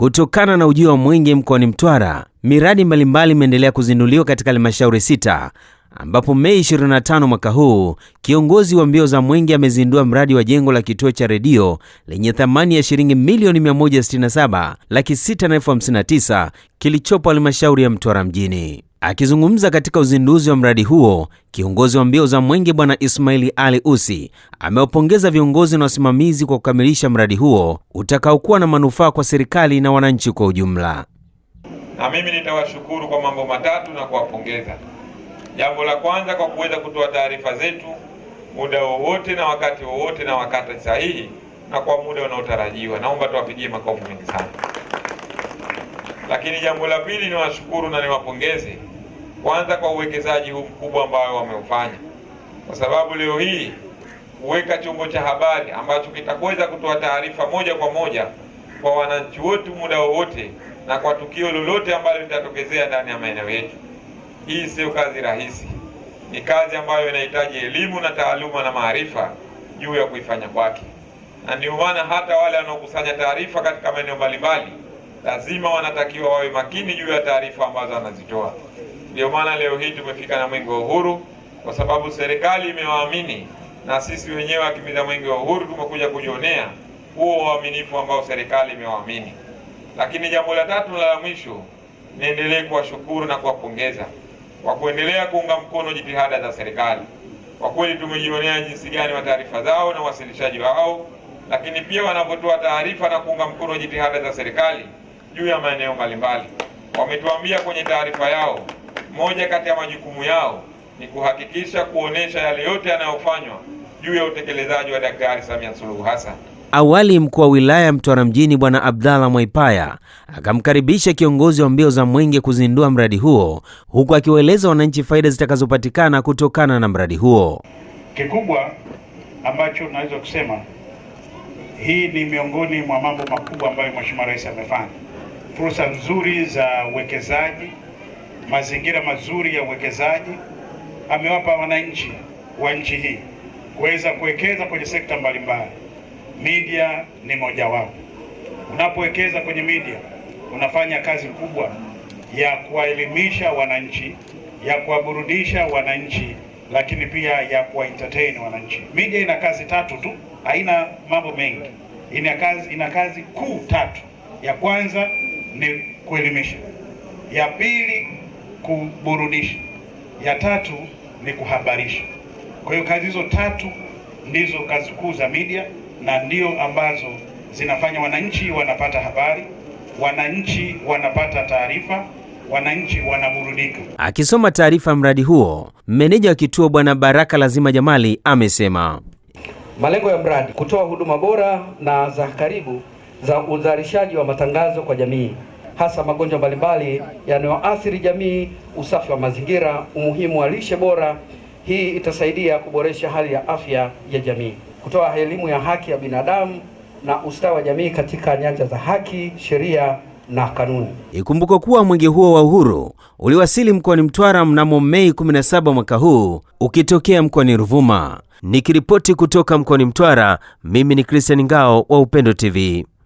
Kutokana na ujio wa mwenge mkoani Mtwara, miradi mbalimbali imeendelea kuzinduliwa katika halmashauri sita, ambapo Mei 25 mwaka huu kiongozi wa mbio za mwenge amezindua mradi wa jengo la kituo cha redio lenye thamani ya shilingi milioni 167 laki sita na elfu kilichopo halmashauri ya Mtwara mjini. Akizungumza katika uzinduzi wa mradi huo, kiongozi wa mbio za Mwenge Bwana Ismaili Ali usi amewapongeza viongozi na wasimamizi kwa kukamilisha mradi huo utakaokuwa na manufaa kwa serikali na wananchi kwa ujumla. Na mimi nitawashukuru kwa mambo matatu na kuwapongeza. Jambo la kwanza, kwa kuweza kutoa taarifa zetu muda wowote na wakati wowote na wakati sahihi na kwa muda unaotarajiwa. Naomba tuwapigie makofi mengi sana. Lakini jambo la pili, niwashukuru na niwapongeze kwanza kwa uwekezaji huu mkubwa ambao wameufanya, kwa sababu leo hii kuweka chombo cha habari ambacho kitaweza kutoa taarifa moja kwa moja kwa wananchi wote muda wowote na kwa tukio lolote ambalo litatokezea ndani ya maeneo yetu. Hii sio kazi rahisi, ni kazi ambayo inahitaji elimu na taaluma na maarifa juu ya kuifanya kwake, na ndio maana hata wale wanaokusanya taarifa katika maeneo mbalimbali lazima wanatakiwa wawe makini juu ya taarifa ambazo wanazitoa. Ndio maana leo hii tumefika na mwenge wa uhuru, kwa sababu serikali imewaamini na sisi wenyewe akimiza mwenge wa uhuru tumekuja kujionea huo uaminifu ambao serikali imewaamini. Lakini jambo la tatu na la mwisho, niendelee kuwashukuru na kuwapongeza kwa kuendelea kuunga mkono jitihada za serikali. Kwa kweli tumejionea jinsi gani wa taarifa zao na uwasilishaji wao, lakini pia wanapotoa taarifa na kuunga mkono jitihada za serikali juu ya maeneo mbalimbali. Wametuambia kwenye taarifa yao moja kati ya majukumu yao ni kuhakikisha kuonesha yale yote yanayofanywa juu ya utekelezaji wa Daktari Samia Suluhu Hassan. Awali mkuu wa wilaya Mtwara mjini Bwana Abdalla Mwaipaya akamkaribisha kiongozi wa mbio za mwenge kuzindua mradi huo, huku akiwaeleza wananchi faida zitakazopatikana kutokana na mradi huo. Kikubwa ambacho naweza kusema, hii ni miongoni mwa mambo makubwa ambayo Mheshimiwa Rais amefanya, fursa nzuri za uwekezaji mazingira mazuri ya uwekezaji, amewapa wananchi wa nchi hii kuweza kuwekeza kwenye sekta mbalimbali. Media ni mojawapo. Unapowekeza kwenye media, unafanya kazi kubwa ya kuwaelimisha wananchi, ya kuwaburudisha wananchi, lakini pia ya entertain wananchi. Media ina kazi tatu tu, haina mambo mengi. Ina kazi, ina kazi kuu tatu. Ya kwanza ni kuelimisha, ya pili kuburudisha, ya tatu ni kuhabarisha. Kwa hiyo kazi hizo tatu ndizo kazi kuu za media na ndio ambazo zinafanya wananchi wanapata habari, wananchi wanapata taarifa, wananchi wanaburudika. Akisoma taarifa mradi huo, meneja wa kituo Bwana Baraka Lazima Jamali amesema malengo ya mradi kutoa huduma bora na za karibu za uzalishaji wa matangazo kwa jamii hasa magonjwa mbalimbali yanayoathiri jamii, usafi wa mazingira, umuhimu wa lishe bora. Hii itasaidia kuboresha hali ya afya ya jamii, kutoa elimu ya haki ya binadamu na ustawi wa jamii katika nyanja za haki, sheria na kanuni. Ikumbukwe kuwa mwenge huo wa uhuru uliwasili mkoani Mtwara mnamo Mei 17 mwaka huu ukitokea mkoani Ruvuma. Nikiripoti kutoka mkoani Mtwara, mimi ni Christian Ngao wa Upendo TV.